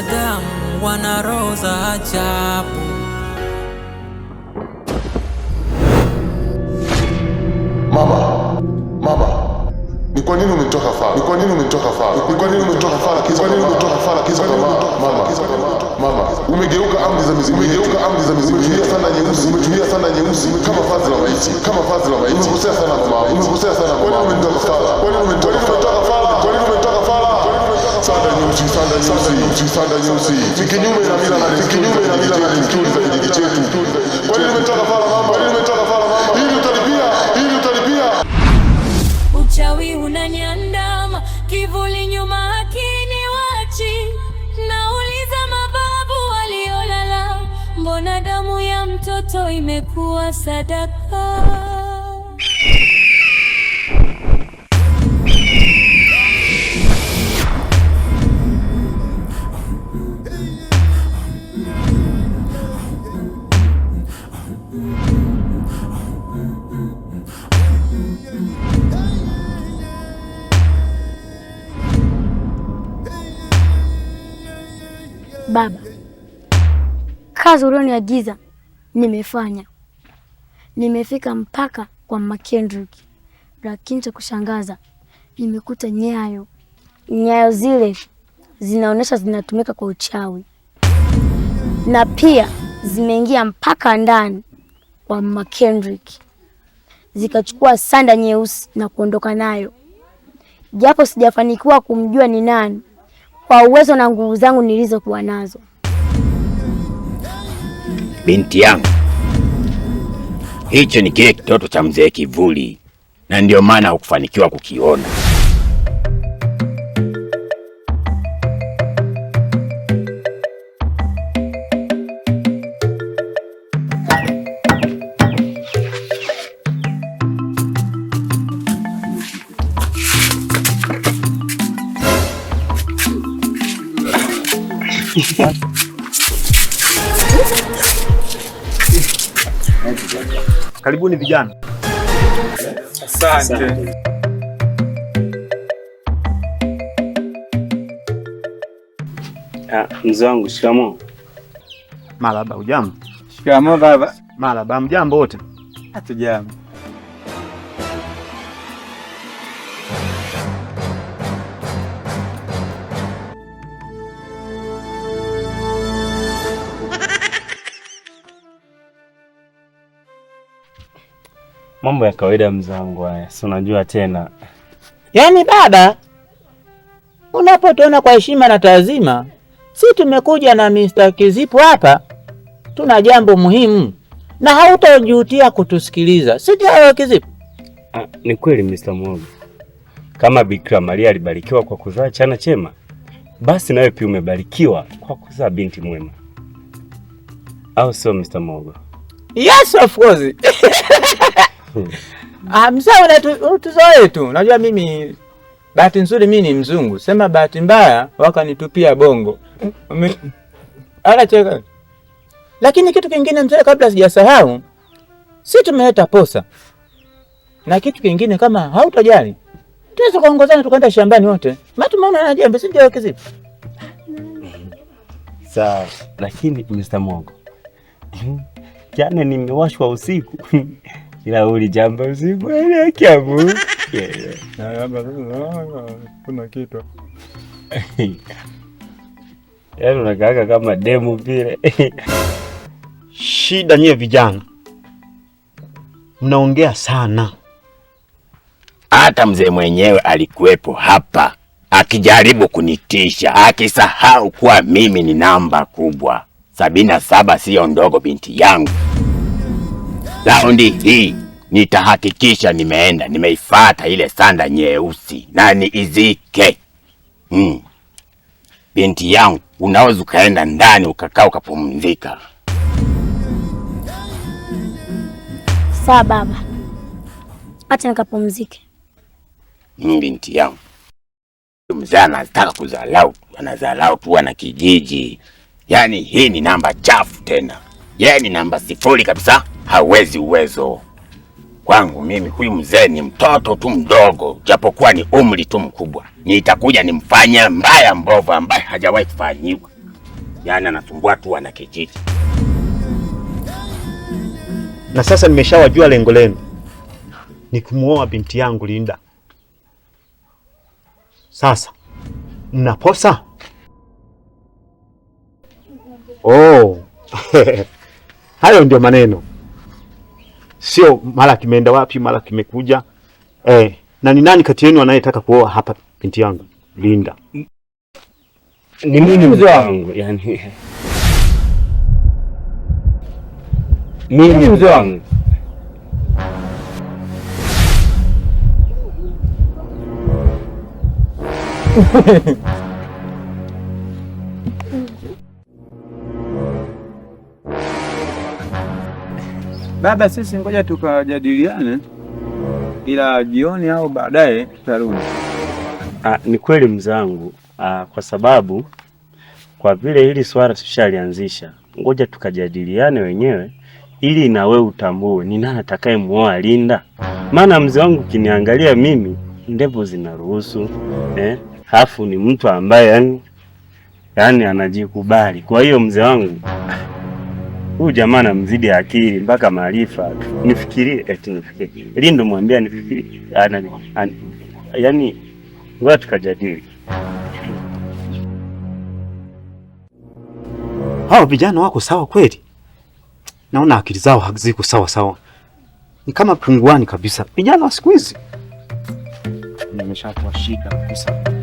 Wanadamu wana roho za ajabu. Mama, mama, ni kwa nini umetoka fara? Ni kwa nini umetoka fara? Ni kwa nini umetoka fara kiza? Ni kwa nini umetoka fara kiza kwa mama? Mama, umegeuka amri za mizimu, umegeuka amri za mizimu, umetumia sana nyeusi, umetumia sana nyeusi kama vazi la maiti, kama vazi la maiti. Umekosea sana mama, umekosea sana mama. Kwa nini umetoka fara? Kwa nini umetoka fara? sanda nyusi ni kinyume na mila na kinyume na mila na desturi za kijiji chetu. Kwa nini umetoka fala mama? Kwa nini umetoka fala mama? Hivi utalipia, hivi utalipia. Uchawi unanyandama kivuli nyuma akini wachi nauliza mababu waliolala, mbona damu ya mtoto imekuwa sadaka? Baba, kazi ulioniagiza nimefanya, nimefika mpaka kwa Makendrick, lakini cha kushangaza nimekuta nyayo nyayo zile zinaonyesha zinatumika kwa uchawi na pia zimeingia mpaka ndani kwa Makendrick zikachukua sanda nyeusi na kuondoka nayo, japo sijafanikiwa kumjua ni nani, kwa uwezo na nguvu zangu nilizokuwa nazo. Binti yangu, hicho ni kile kitoto cha mzee Kivuli, na ndio maana hukufanikiwa kukiona. Karibuni vijana. Asante. Ah, mzee wangu, shikamoo. Marahaba. Ujambo? Shikamo baba. Marahaba. Mjambo wote? Hatujambo. Mambo ya kawaida mzangu, haya si unajua tena. Yaani dada, unapotuona kwa heshima na taazima, si tumekuja na Mr. Kizipu hapa, tuna jambo muhimu na hautajutia kutusikiliza, si ndio wewe Kizipu? Ah, ni kweli Mr. Mwogo, kama Bikira Maria alibarikiwa kwa kuzaa chana chema, basi nawe pia umebarikiwa kwa kuzaa binti mwema, au sio Mr. Mwogo? Yes, of course Ah, msaa mzee tu. najua mimi bahati nzuri mimi ni mzungu. Sema bahati mbaya wakanitupia bongo. Ala cheka. Lakini kitu kingine mzee, kabla sijasahau, si tumeleta posa. Na kitu kingine kama hautojali tuweza kuongozana tukaenda shambani wote. Matu tumeona na jembe sije kizipi. Sawa, lakini Mr. Mongo. Jana nimewashwa usiku. ila uli jambo msimu kuna kitu yaani unakaaka kama demu vile. Shida nyie vijana mnaongea sana, hata mzee mwenyewe alikuwepo hapa akijaribu kunitisha, akisahau kuwa mimi ni namba kubwa sabini na saba, siyo ndogo, binti yangu. Raundi hii nitahakikisha nimeenda nimeifata ile sanda nyeusi na niizike. Hmm. Binti yangu, unaweza ukaenda ndani ukakaa ukapumzika. Sawa baba, acha nikapumzike. Hmm, binti yangu mzee anataka kuzalau, anazalau tu ana kijiji. Yaani hii ni namba chafu tena, yeye ni namba sifuri kabisa hawezi uwezo kwangu mimi. Huyu mzee ni mtoto tu mdogo, japokuwa ni umri tu mkubwa. Nitakuja nimfanye mbaya mbovu ambaye hajawahi kufanyiwa. Yani anasumbua tu ana kijiji. Na sasa nimeshawajua lengo lenu ni kumuoa binti yangu Linda. Sasa mnaposa oh. Hayo ndio maneno sio mara kimeenda wapi mara kimekuja eh. Na ni nani kati yenu anayetaka kuoa hapa binti yangu Linda? Ni mimi mzee wangu, yani mimi mzee wangu Baba, sisi ngoja tukajadiliane, ila jioni au baadaye tutarudi. Ah, ni kweli mzangu. Ah, kwa sababu kwa vile hili swala tushalianzisha, ngoja tukajadiliane wenyewe ili na wewe utambue ni nani atakaye muoa Linda. Maana mzee wangu kiniangalia mimi ndevu zinaruhusu eh, hafu ni mtu ambaye yani yani anajikubali. Kwa hiyo mzee wangu huyu jamaa namzidi akili mpaka maarifa, nifikirie eti Lindo mwambia nifikirie, Yani ngoja tukajadili. Hao vijana wako sawa kweli, naona akili zao haziko sawa sawa, ni kama punguani kabisa. Vijana wa siku hizi nimeshakuwashika kabisa.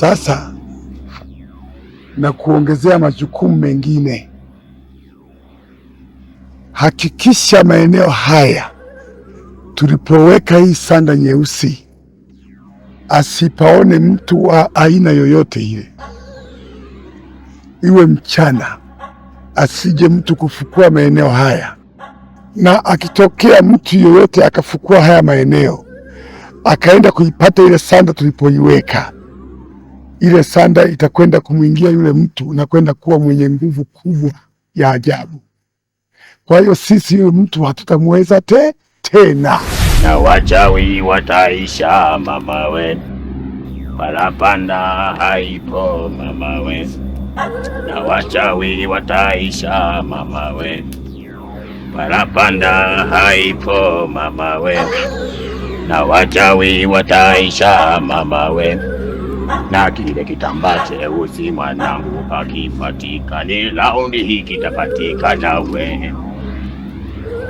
Sasa na kuongezea majukumu mengine, hakikisha maeneo haya tulipoweka hii sanda nyeusi asipaone mtu wa aina yoyote ile, iwe mchana, asije mtu kufukua maeneo haya, na akitokea mtu yoyote akafukua haya maeneo akaenda kuipata ile sanda tulipoiweka ile sanda itakwenda kumwingia yule mtu na kwenda kuwa mwenye nguvu kubwa ya ajabu. Kwa hiyo sisi yule mtu hatutamweza te tena, na wachawi wataisha. Mama we parapanda haipo, mama we, na wachawi wataisha. Mama we parapanda haipo, mama we, na wachawi wataisha. Mama we na kile kitambaa cheusi mwanangu akipatikane, laundi hii kitapatikana we.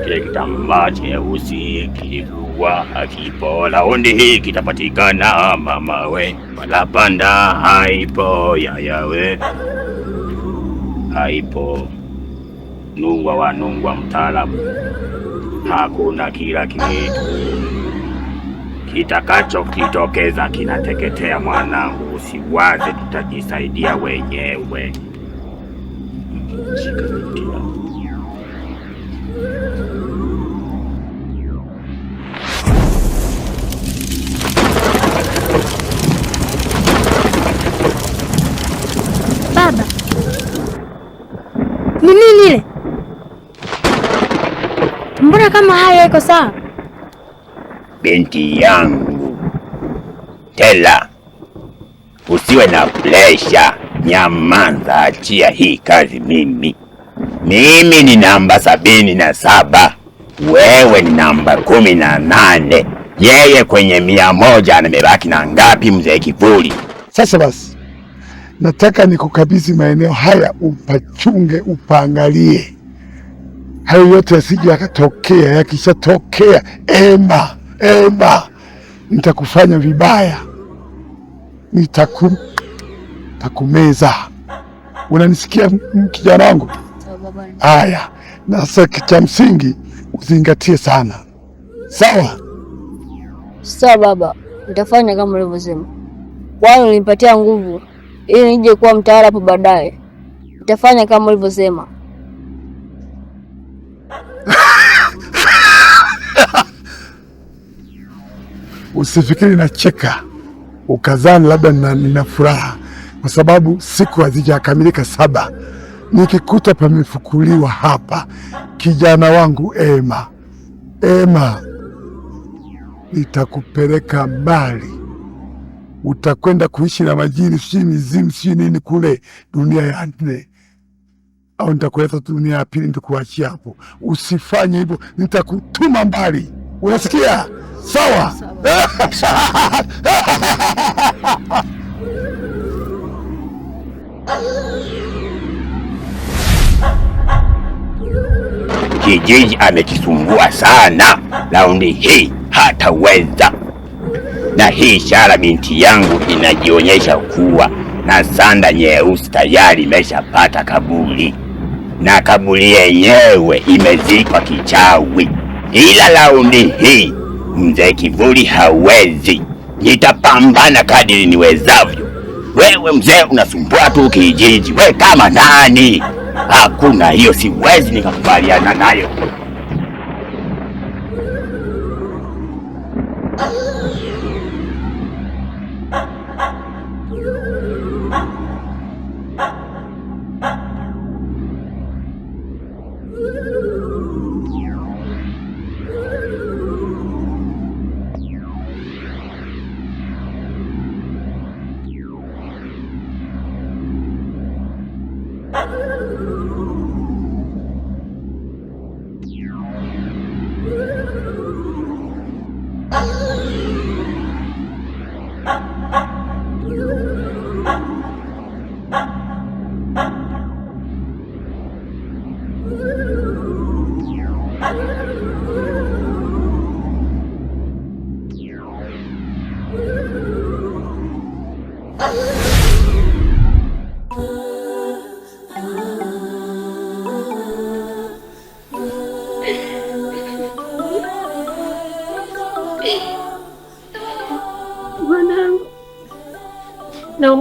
Kile kitambaa cheusi kilikuwa akipo, laundi hii kitapatikana mama we. Malapanda haipo, yaya we haipo, nungwa wa nungwa mtaalamu, hakuna kila kitu kitakachokitokeza kinateketea, mwanangu, usiwaze, tutajisaidia wenyewe. baba. Ni nini ile? Mbona kama haya iko sawa? binti yangu. Tela, usiwe na presha. Nyamanza, achia hii kazi. Mimi mimi ni namba sabini na saba, wewe ni namba kumi na nane, yeye kwenye mia moja anamebaki na ngapi, mzee Kivuli? Sasa basi, nataka nikukabidhi maeneo haya upachunge, upangalie hayo yote yasije yakatokea. Yakishatokea ema eba, nitakufanya vibaya, nitaku takumeza. Unanisikia kijana wangu? Haya, na sasa cha msingi uzingatie sana, sawa sawa baba, nitafanya kama ulivyosema. kwani ulinipatia nguvu ili nije kuwa mtawala hapo baadaye, nitafanya kama ulivyosema. usifikiri nacheka ukazani labda nina, nina furaha kwa sababu siku hazijakamilika saba. Nikikuta pamefukuliwa hapa, kijana wangu Ema, Ema, nitakupeleka mbali, utakwenda kuishi na majini, sijui mizimu, sijui nini kule dunia ya nne, au nitakuleta dunia ya pili, nikuachia hapo. Usifanye hivyo, nitakutuma mbali, unasikia? sawa. Kijiji amekisumbua sana raundi hii, hataweza na hii ishara. Binti yangu inajionyesha kuwa na sanda nyeusi tayari imeshapata kaburi, na kaburi yenyewe imezikwa kichawi, ila raundi hii Mzee Kivuli hawezi. Nitapambana kadiri niwezavyo. Wewe mzee unasumbua tu kijiji. We kama nani? Hakuna hiyo, siwezi nikakubaliana nayo.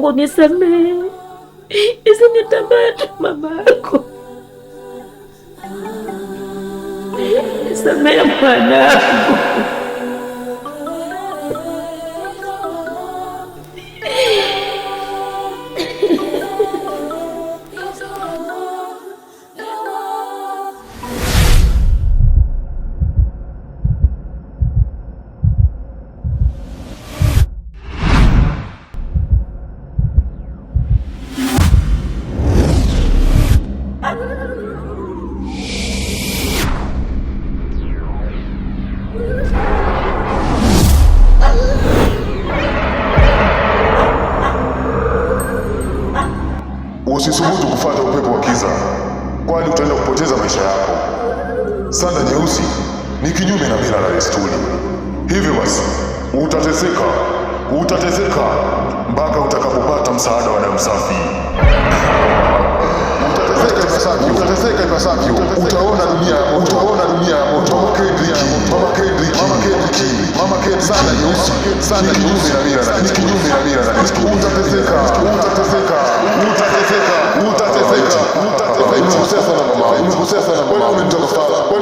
unisamehe, hizi ni tamaa tu mama Nisamehe mwanangu. Sanda nyeusi ni kinyume na mila na desturi, hivyo basi utateseka, utateseka mpaka utakapopata msaada wa damu safi. Utateseka ipasavyo, utaona dunia ya moto, utaona dunia ya moto. Mama Kendrick, Mama Kendrick, Mama Kendrick, Mama Kendrick, Sanda nyeusi, Sanda nyeusi na mila na ni kinyume na mila na desturi, utateseka, utateseka, utateseka, utateseka, utateseka fight. Who says I'm a man? Who says I'm a man? When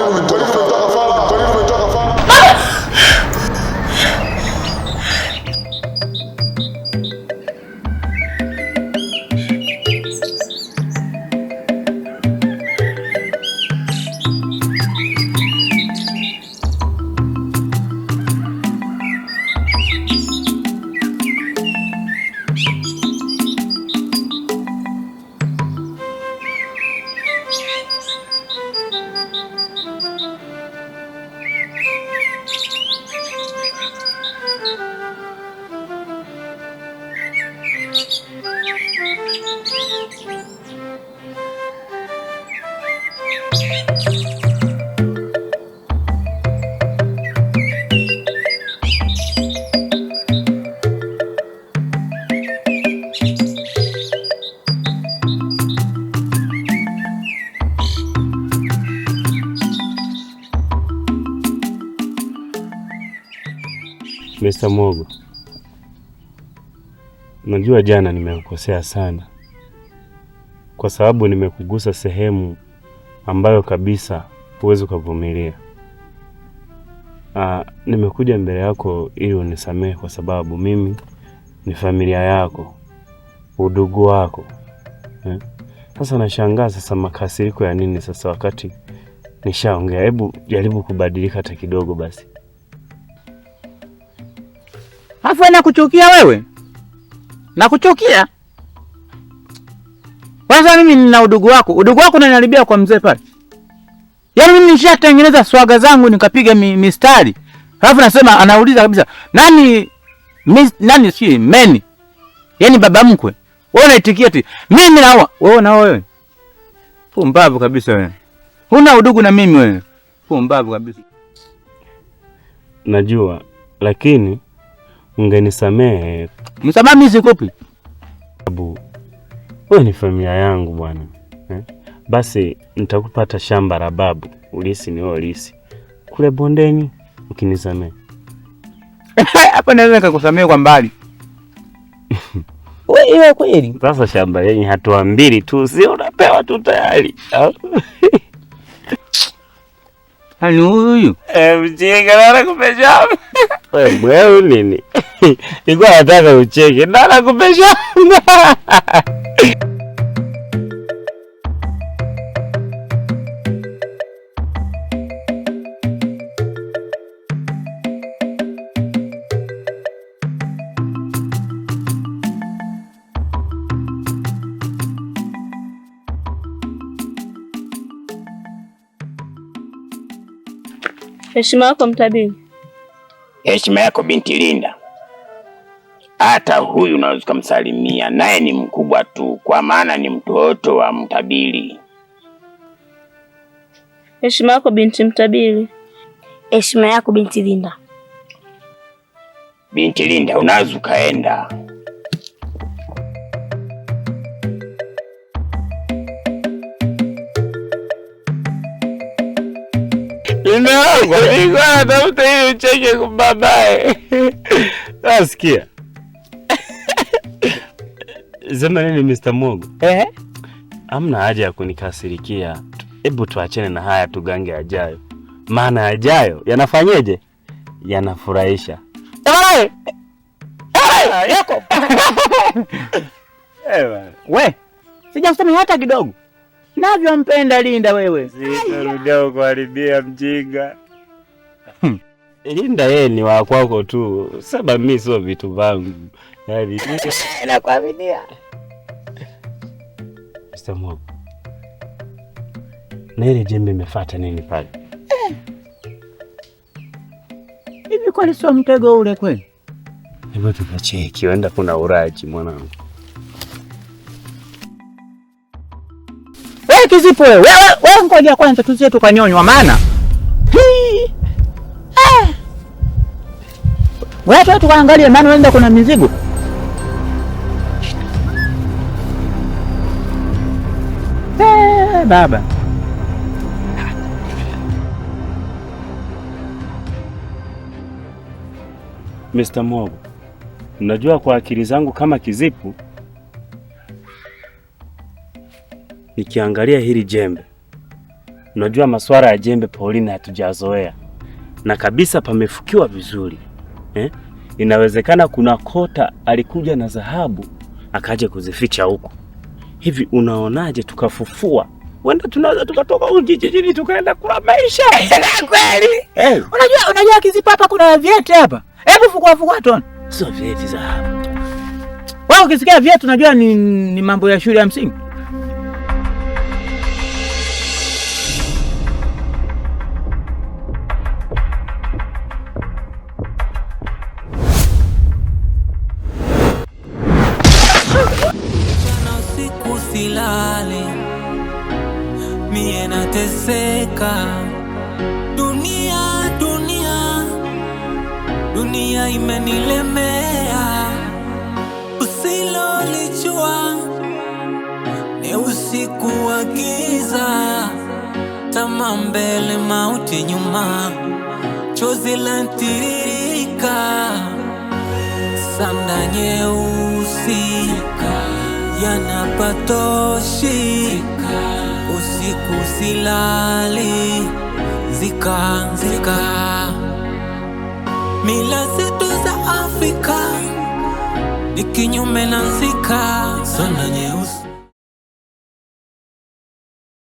I'm in the fight. Mr. Mogo, najua jana nimekukosea sana, kwa sababu nimekugusa sehemu ambayo kabisa huwezi ukavumilia. Ah, nimekuja mbele yako ili unisamehe, kwa sababu mimi ni familia yako, udugu wako eh? Sasa nashangaa sasa makasiriko ya nini sasa, wakati nishaongea. Hebu jaribu kubadilika hata kidogo basi. Afu wewe nakuchukia wewe? Nakuchukia? Kwanza mimi nina udugu wako. Udugu wako unaniharibia kwa mzee pale. Yaani mimi nishatengeneza swaga zangu nikapiga mi, mistari. Alafu nasema anauliza kabisa, "Nani mis, nani si meni?" Yaani baba mkwe. Wewe unaitikia tu. "Mimi naoa." Wewe na wewe. Pumbavu kabisa wewe. Huna udugu na mimi wewe. Pumbavu kabisa. Najua, lakini Mngenisamehe. Msamaha mimi sikupi. Sababu wewe ni familia yangu bwana eh? Basi nitakupata shamba la babu ulisi ni wewe ulisi kule bondeni, ukinisamehe hapa naweza nikakusamehe kwa mbali. Wewe kweli sasa, shamba yenye hatua mbili tu, sio unapewa tu tayari Ani huyu? Eh, mcheke anakupa shamba. Wewe wewe nini? Nilikuwa nataka ucheke. Na anakupa shamba. Heshima yako mtabiri. Heshima yako binti Linda. Hata huyu unaweza kumsalimia naye ni mkubwa tu, kwa maana ni mtoto wa mtabiri. Heshima yako binti mtabiri. Heshima yako binti Linda. Binti Linda, unaweza ukaenda. Inangu, nilikuwa natafuta ili ucheke kumbabae. Nasikia. Ah, Sema nini Mr. Mogo? Eh? amna haja ya kunikasirikia. Hebu tuachene na haya tugange ajayo. Maana ajayo yanafanyeje? Yanafurahisha. Eh, we. Sijasema hata kidogo navyompenda Linda wewe. Sitarudia kuharibia mjinga. Hmm. Linda yeye ni wa kwako tu, saba mimi sio vitu vangu. Yaani nakuaminia. Mr. Na ile jembe imefuata nini pale? Eh. Hivi kwani sio mtego ule kweli? Hebu tukacheki, wenda kuna uraji mwanangu. haki zipo wewe. Wewe ngoja kwanza tuzie tukanyonywa maana. Eh. Wewe tu tukaangalie maana unaenda kuna mizigo. Eh, baba. Mr. Mogo, najua kwa akili zangu kama kizipu nikiangalia hili jembe. Unajua masuala ya jembe Pauline hatujazoea na kabisa, pamefukiwa vizuri eh? Inawezekana kuna kota alikuja na dhahabu akaje kuzificha huko. Hivi unaonaje tukafufua Wenda tunaweza tukatoka huko kijijini tukaenda kula maisha. Na eh, kweli. Hey. Eh. Unajua unajua kizipa hapa kuna vieti hapa. Hebu fukua fukua tu. Sio vieti za hapa. Wewe ukisikia vieti unajua ni, ni mambo ya shule ya msingi. kuondoka. Dunia, dunia, dunia imenilemea, usilolijua ni usiku wa giza, mbele, mauti nyuma, chozi lantiririka, sanda nyeusi yanapatoshika usiku silali, zika zika mila zetu za Afrika ni kinyume na zika sana nyeusi